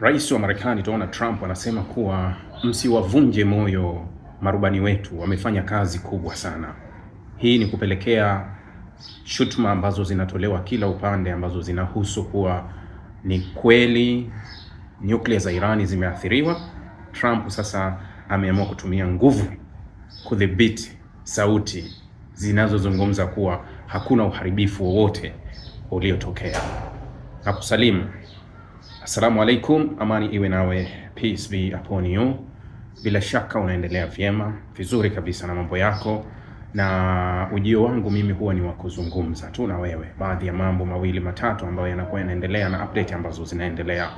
Rais wa Marekani Donald Trump anasema kuwa msiwavunje moyo marubani wetu, wamefanya kazi kubwa sana. Hii ni kupelekea shutuma ambazo zinatolewa kila upande ambazo zinahusu kuwa ni kweli nyuklia za Irani zimeathiriwa. Trump sasa ameamua kutumia nguvu kudhibiti sauti zinazozungumza kuwa hakuna uharibifu wowote uliotokea. Nakusalimu. Assalamu alaikum, amani iwe nawe, peace be upon you. Bila shaka unaendelea vyema vizuri kabisa na mambo yako, na ujio wangu mimi huwa ni wa kuzungumza tu na wewe baadhi ya mambo mawili matatu ambayo yanakuwa yanaendelea na update ambazo zinaendelea,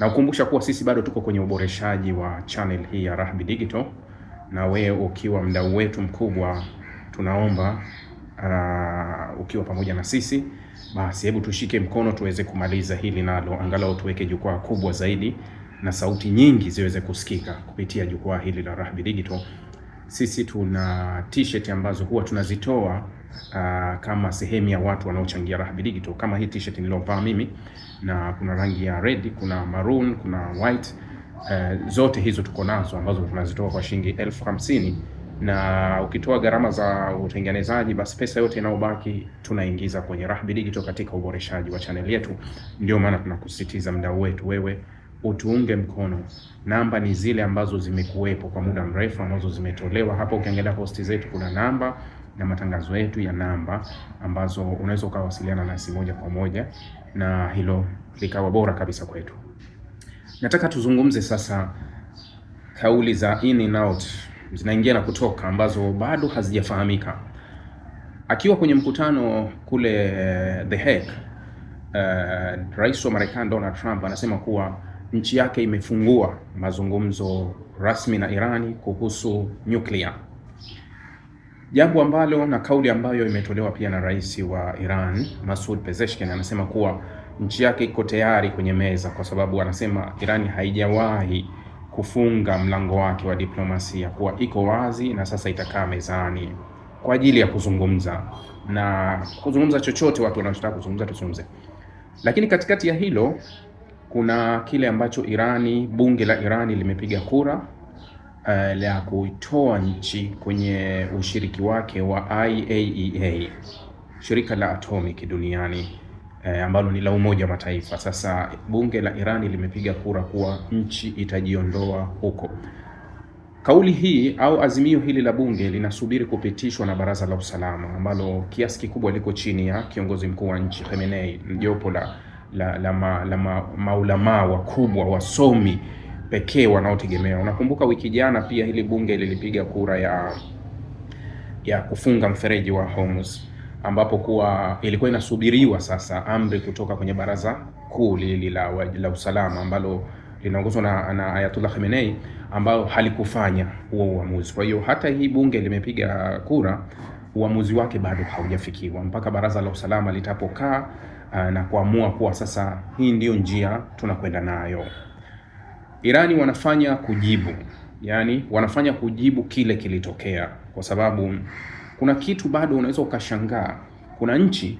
na ukumbusha kuwa sisi bado tuko kwenye uboreshaji wa channel hii ya Rahby Digital, na wewe ukiwa mdau wetu mkubwa, tunaomba uh, ukiwa pamoja na sisi basi, hebu tushike mkono tuweze kumaliza hili nalo, angalau tuweke jukwaa kubwa zaidi na sauti nyingi ziweze kusikika kupitia jukwaa hili la Rahby Digital. Sisi tuna t-shirt ambazo huwa tunazitoa uh, kama sehemu ya watu wanaochangia Rahby Digital, kama hii t-shirt niliyovaa mimi, na kuna rangi ya red, kuna maroon, kuna white uh, zote hizo tuko nazo ambazo tunazitoa kwa shilingi elfu hamsini na ukitoa gharama za utengenezaji, basi pesa yote inayobaki tunaingiza kwenye Rahby Digital katika uboreshaji wa chaneli yetu. Ndio maana tunakusisitiza mdau wetu, wewe utuunge mkono. Namba ni zile ambazo zimekuwepo kwa muda mrefu, ambazo zimetolewa hapa. Ukiangalia posti zetu, kuna namba na matangazo yetu ya namba ambazo unaweza ukawasiliana nasi moja kwa moja, na hilo likawa bora kabisa kwetu. Nataka tuzungumze sasa kauli za in and out zinaingia na kutoka ambazo bado hazijafahamika. Akiwa kwenye mkutano kule eh, The Hague, uh, Rais wa Marekani Donald Trump anasema kuwa nchi yake imefungua mazungumzo rasmi na Irani kuhusu nyuklia, jambo ambalo na kauli ambayo imetolewa pia na rais wa Iran Masoud Pezeshkian anasema kuwa nchi yake iko tayari kwenye meza, kwa sababu anasema Irani haijawahi kufunga mlango wake wa diplomasia kuwa iko wazi na sasa itakaa mezani kwa ajili ya kuzungumza na kuzungumza chochote watu wanachotaka kuzungumza tuzungumze. Lakini katikati ya hilo kuna kile ambacho Irani, bunge la Irani limepiga kura uh, la kuitoa nchi kwenye ushiriki wake wa IAEA, e shirika la atomic duniani e, ambalo ni la Umoja wa Mataifa. Sasa bunge la Irani limepiga kura kuwa nchi itajiondoa huko. Kauli hii au azimio hili la bunge linasubiri kupitishwa na Baraza la Usalama ambalo kiasi kikubwa liko chini ya kiongozi mkuu wa nchi Khamenei, jopo la la, la, ma, la ma, maulamaa wakubwa wasomi pekee wanaotegemewa. Unakumbuka wiki jana pia hili bunge lilipiga kura ya ya kufunga mfereji wa Hormuz ambapo kuwa ilikuwa inasubiriwa sasa amri kutoka kwenye baraza kuu lili la, la usalama ambalo linaongozwa na, na Ayatullah Khamenei ambayo halikufanya huo uamuzi. Kwa hiyo hata hii bunge limepiga kura, uamuzi wake bado haujafikiwa mpaka baraza la usalama litapokaa uh, na kuamua kuwa sasa hii ndiyo njia tunakwenda nayo. Irani wanafanya kujibu, yani wanafanya kujibu kile kilitokea kwa sababu kuna kitu bado unaweza ukashangaa. Kuna nchi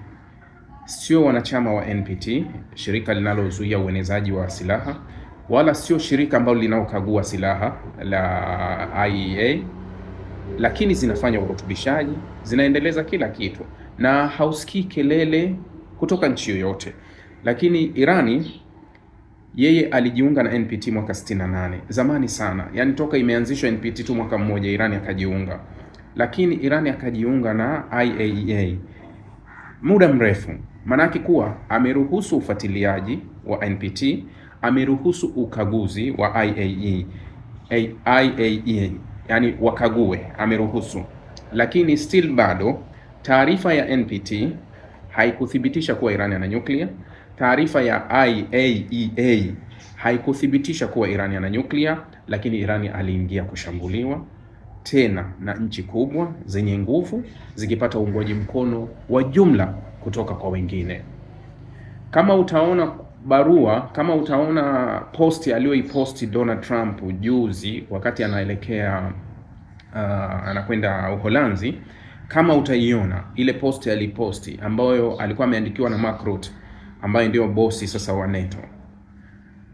sio wanachama wa NPT, shirika linalozuia uenezaji wa silaha, wala sio shirika ambalo linaokagua silaha la IAEA, lakini zinafanya urutubishaji, zinaendeleza kila kitu na hausikii kelele kutoka nchi yoyote. Lakini Irani yeye alijiunga na NPT mwaka 68 zamani sana, yani toka imeanzishwa NPT tu mwaka mmoja Irani akajiunga lakini Iran akajiunga na IAEA e muda mrefu, maanake kuwa ameruhusu ufuatiliaji wa NPT, ameruhusu ukaguzi wa IAEA, IAEA e yani wakague, ameruhusu lakini still bado taarifa ya NPT haikuthibitisha kuwa Iran ana nyuklia. Taarifa ya IAEA e haikuthibitisha kuwa Iran ana nyuklia, lakini Iran aliingia kushambuliwa tena na nchi kubwa zenye nguvu zikipata uungwaji mkono wa jumla kutoka kwa wengine. Kama utaona barua, kama utaona posti aliyoiposti Donald Trump juzi wakati anaelekea uh, anakwenda Uholanzi, kama utaiona ile posti aliposti ambayo alikuwa ameandikiwa na Mark Rutte ambaye ndio bosi sasa wa NATO.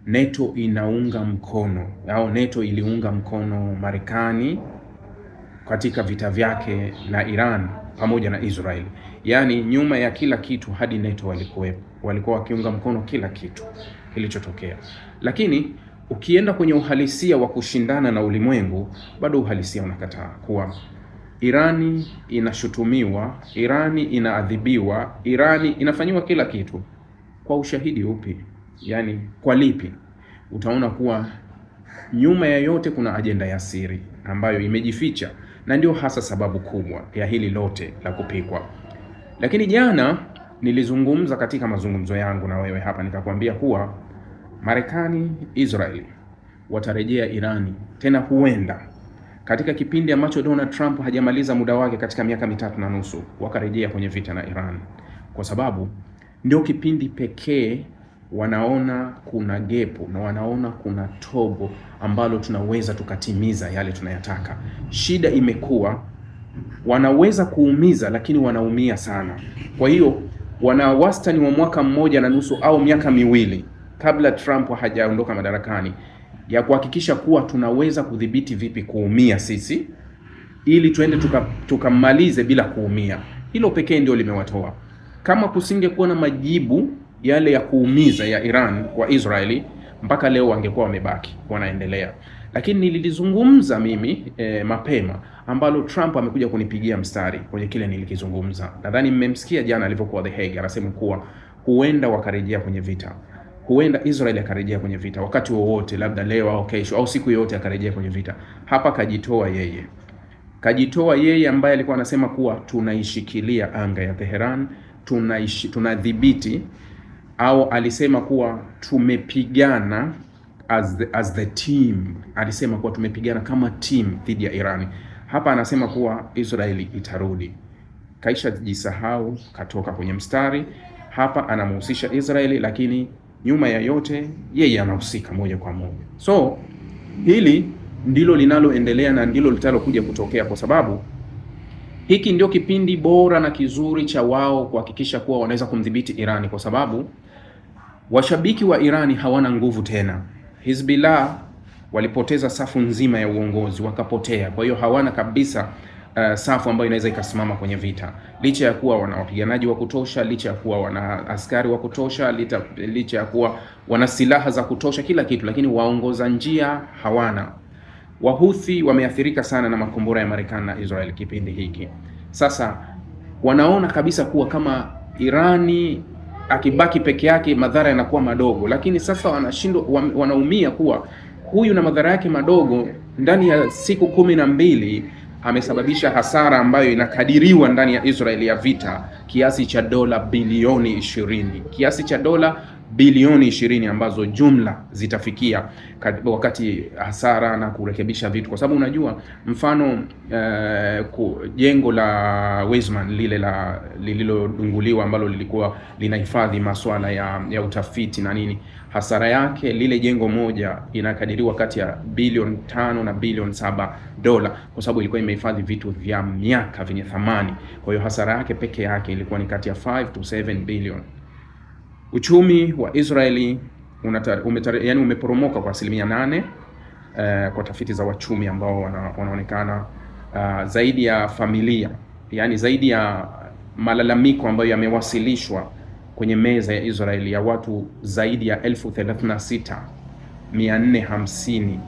NATO inaunga mkono au NATO iliunga mkono Marekani katika vita vyake na Iran pamoja na Israel. Yaani, nyuma ya kila kitu hadi NATO walikuwepo, walikuwa wakiunga mkono kila kitu kilichotokea, lakini ukienda kwenye uhalisia wa kushindana na ulimwengu, bado uhalisia unakataa kuwa Irani inashutumiwa, Irani inaadhibiwa, Irani inafanyiwa kila kitu. Kwa ushahidi upi? Yaani kwa lipi? Utaona kuwa nyuma ya yote kuna ajenda ya siri ambayo imejificha na ndio hasa sababu kubwa ya hili lote la kupikwa. Lakini jana nilizungumza katika mazungumzo yangu na wewe hapa, nikakwambia kuwa Marekani, Israeli watarejea Irani tena, huenda katika kipindi ambacho Donald Trump hajamaliza muda wake katika miaka mitatu na nusu, wakarejea kwenye vita na Iran, kwa sababu ndio kipindi pekee wanaona kuna gepo na wanaona kuna tobo ambalo tunaweza tukatimiza yale tunayataka. Shida imekuwa wanaweza kuumiza, lakini wanaumia sana. Kwa hiyo wana wastani wa mwaka mmoja na nusu au miaka miwili kabla Trump hajaondoka madarakani ya kuhakikisha kuwa tunaweza kudhibiti vipi kuumia sisi ili tuende tukamalize tuka bila kuumia. Hilo pekee ndio limewatoa. Kama kusingekuwa na majibu yale ya kuumiza ya Iran kwa Israeli mpaka leo wangekuwa wamebaki wanaendelea, lakini nililizungumza mimi e, mapema ambalo Trump amekuja kunipigia mstari kwenye kile nilikizungumza. Nadhani mmemsikia jana alivyokuwa The Hague, anasema kuwa huenda wakarejea kwenye vita, huenda Israeli akarejea kwenye vita wakati wowote, labda leo au kesho au siku yoyote akarejea kwenye vita. Hapa kajitoa yeye, kajitoa yeye ambaye alikuwa anasema kuwa tunaishikilia anga ya Teheran, tunaishi tunadhibiti au alisema kuwa tumepigana as the, as the team. Alisema kuwa tumepigana kama team dhidi ya Irani. Hapa anasema kuwa Israeli itarudi. Kaisha jisahau katoka kwenye mstari hapa, anamhusisha Israeli, lakini nyuma ya yote yeye anahusika moja kwa moja. So hili ndilo linaloendelea na ndilo litalokuja kutokea, kwa sababu hiki ndio kipindi bora na kizuri cha wao kuhakikisha kuwa wanaweza kumdhibiti Irani, kwa sababu Washabiki wa Irani hawana nguvu tena. Hizbullah walipoteza safu nzima ya uongozi, wakapotea. Kwa hiyo hawana kabisa uh, safu ambayo inaweza ikasimama kwenye vita, licha ya kuwa wana wapiganaji wa kutosha, licha ya kuwa wana askari wa kutosha, licha ya kuwa wana silaha za kutosha, kila kitu, lakini waongoza njia hawana. Wahuthi wameathirika sana na makombora ya Marekani na Israel kipindi hiki. Sasa wanaona kabisa kuwa kama Irani akibaki peke yake madhara yanakuwa madogo, lakini sasa wanashindwa, wanaumia kuwa huyu na madhara yake madogo ndani ya siku kumi na mbili amesababisha hasara ambayo inakadiriwa ndani ya Israeli ya vita kiasi cha dola bilioni ishirini, kiasi cha dola bilioni ishirini ambazo jumla zitafikia wakati hasara na kurekebisha vitu, kwa sababu unajua mfano uh, jengo la Weizmann lile la lililodunguliwa ambalo lilikuwa linahifadhi masuala ya, ya utafiti na nini, hasara yake lile jengo moja inakadiriwa kati ya bilioni tano na bilioni saba dola, kwa sababu ilikuwa imehifadhi vitu vya miaka vyenye thamani. Kwa hiyo hasara yake peke yake ilikuwa ni kati ya 5 to 7 billion Uchumi wa Israeli umetare, yani umeporomoka kwa asilimia nane uh, kwa tafiti za wachumi ambao wana, wanaonekana uh, zaidi ya familia yani zaidi ya malalamiko ambayo yamewasilishwa kwenye meza ya Israeli ya watu zaidi ya elfu thelathini na sita mia nne hamsini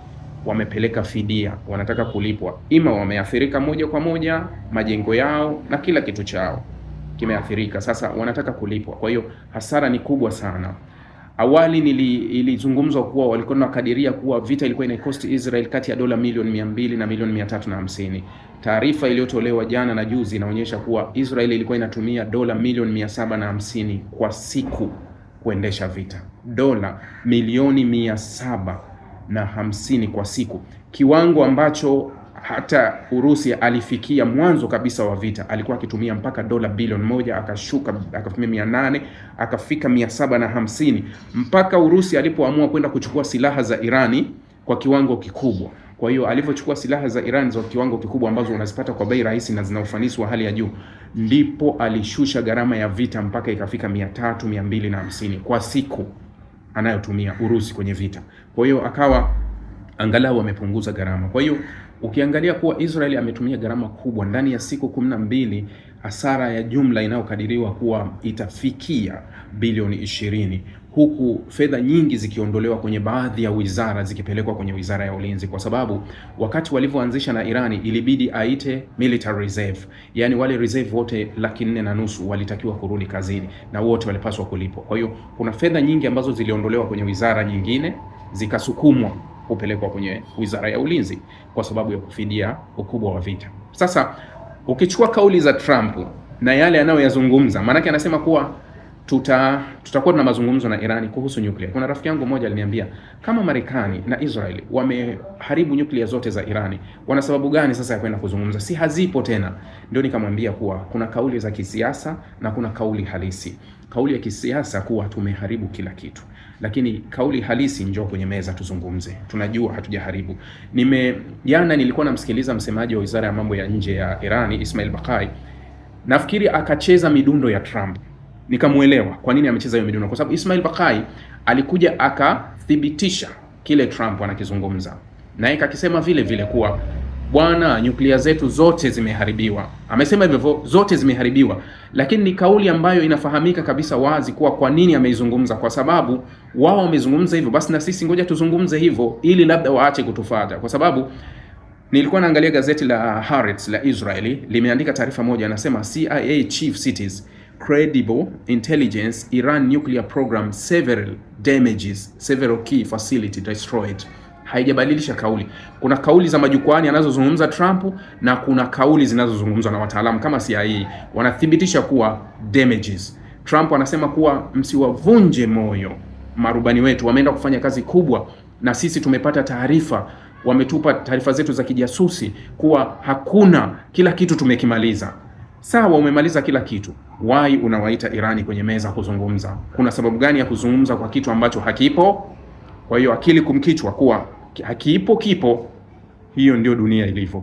wamepeleka fidia, wanataka kulipwa, ima wameathirika moja kwa moja majengo yao na kila kitu chao kimeathirika, sasa wanataka kulipwa. Kwa hiyo hasara ni kubwa sana. Awali nili ilizungumzwa kuwa walikuwa wanakadiria kuwa vita ilikuwa inaikost Israel kati ya dola milioni 200 na milioni 350. Taarifa iliyotolewa jana na juzi inaonyesha kuwa Israel ilikuwa inatumia dola milioni 750 kwa siku kuendesha vita, dola milioni 750 kwa siku, kiwango ambacho hata Urusi alifikia mwanzo kabisa wa vita alikuwa akitumia mpaka dola bilioni moja akashuka akafika mia nane akafika mia saba na hamsini mpaka Urusi alipoamua kwenda kuchukua silaha za Irani kwa kiwango kikubwa. Kwa hiyo alivyochukua silaha za Iran za kiwango kikubwa ambazo unazipata kwa bei rahisi na zina ufanisi wa hali ya juu, ndipo alishusha gharama ya vita mpaka ikafika mia tatu mia mbili na hamsini kwa siku anayotumia Urusi kwenye vita. Kwa hiyo akawa angalau amepunguza gharama. Kwa hiyo Ukiangalia kuwa Israeli ametumia gharama kubwa ndani ya siku kumi na mbili, hasara ya jumla inayokadiriwa kuwa itafikia bilioni ishirini huku fedha nyingi zikiondolewa kwenye baadhi ya wizara zikipelekwa kwenye wizara ya ulinzi, kwa sababu wakati walivyoanzisha na Irani ilibidi aite military reserve, yani wale reserve wote laki nne na nusu walitakiwa kurudi kazini na wote walipaswa kulipwa. Kwa hiyo kuna fedha nyingi ambazo ziliondolewa kwenye wizara nyingine zikasukumwa hupelekwa kwenye Wizara ya Ulinzi kwa sababu ya kufidia ukubwa wa vita. Sasa ukichukua kauli za Trump na yale anayoyazungumza, maanake anasema kuwa tuta tutakuwa tuna mazungumzo na Irani kuhusu nyuklia. Kuna rafiki yangu mmoja aliniambia kama Marekani na Israeli wameharibu nyuklia zote za Irani, wana sababu gani sasa ya kwenda kuzungumza? Si hazipo tena. Ndio nikamwambia kuwa kuna kauli za kisiasa na kuna kauli halisi. Kauli ya kisiasa kuwa tumeharibu kila kitu, lakini kauli halisi, njoo kwenye meza tuzungumze, tunajua hatujaharibu. Nime jana nilikuwa namsikiliza msemaji wa Wizara ya Mambo ya Nje ya Irani, Ismail Bakai, nafikiri akacheza midundo ya Trump nikamuelewa kwa nini amecheza hiyo midundo, kwa sababu Ismail Bakai alikuja akathibitisha kile Trump anakizungumza, na yeye akisema vile vile kuwa bwana, nyuklia zetu zote zimeharibiwa. Amesema hivyo, zote zimeharibiwa, lakini ni kauli ambayo inafahamika kabisa wazi kuwa kwa nini ameizungumza, kwa sababu wao wamezungumza hivyo, basi na sisi ngoja tuzungumze hivyo, ili labda waache kutufata, kwa sababu nilikuwa naangalia gazeti la Haaretz la Israeli limeandika taarifa moja, anasema CIA chief cities credible intelligence, Iran nuclear program several damages, several key facility destroyed. Haijabadilisha kauli. Kuna kauli za majukwaani anazozungumza Trump na kuna kauli zinazozungumzwa na wataalamu kama CIA, wanathibitisha kuwa damages. Trump anasema kuwa msiwavunje moyo marubani wetu, wameenda kufanya kazi kubwa, na sisi tumepata taarifa, wametupa taarifa zetu za kijasusi kuwa hakuna, kila kitu tumekimaliza. Sawa, umemaliza kila kitu, wai unawaita Irani kwenye meza kuzungumza. Kuna sababu gani ya kuzungumza kwa kitu ambacho hakipo? Kwa hiyo akili kumkichwa kuwa hakipo kipo, hiyo ndio dunia ilivyo.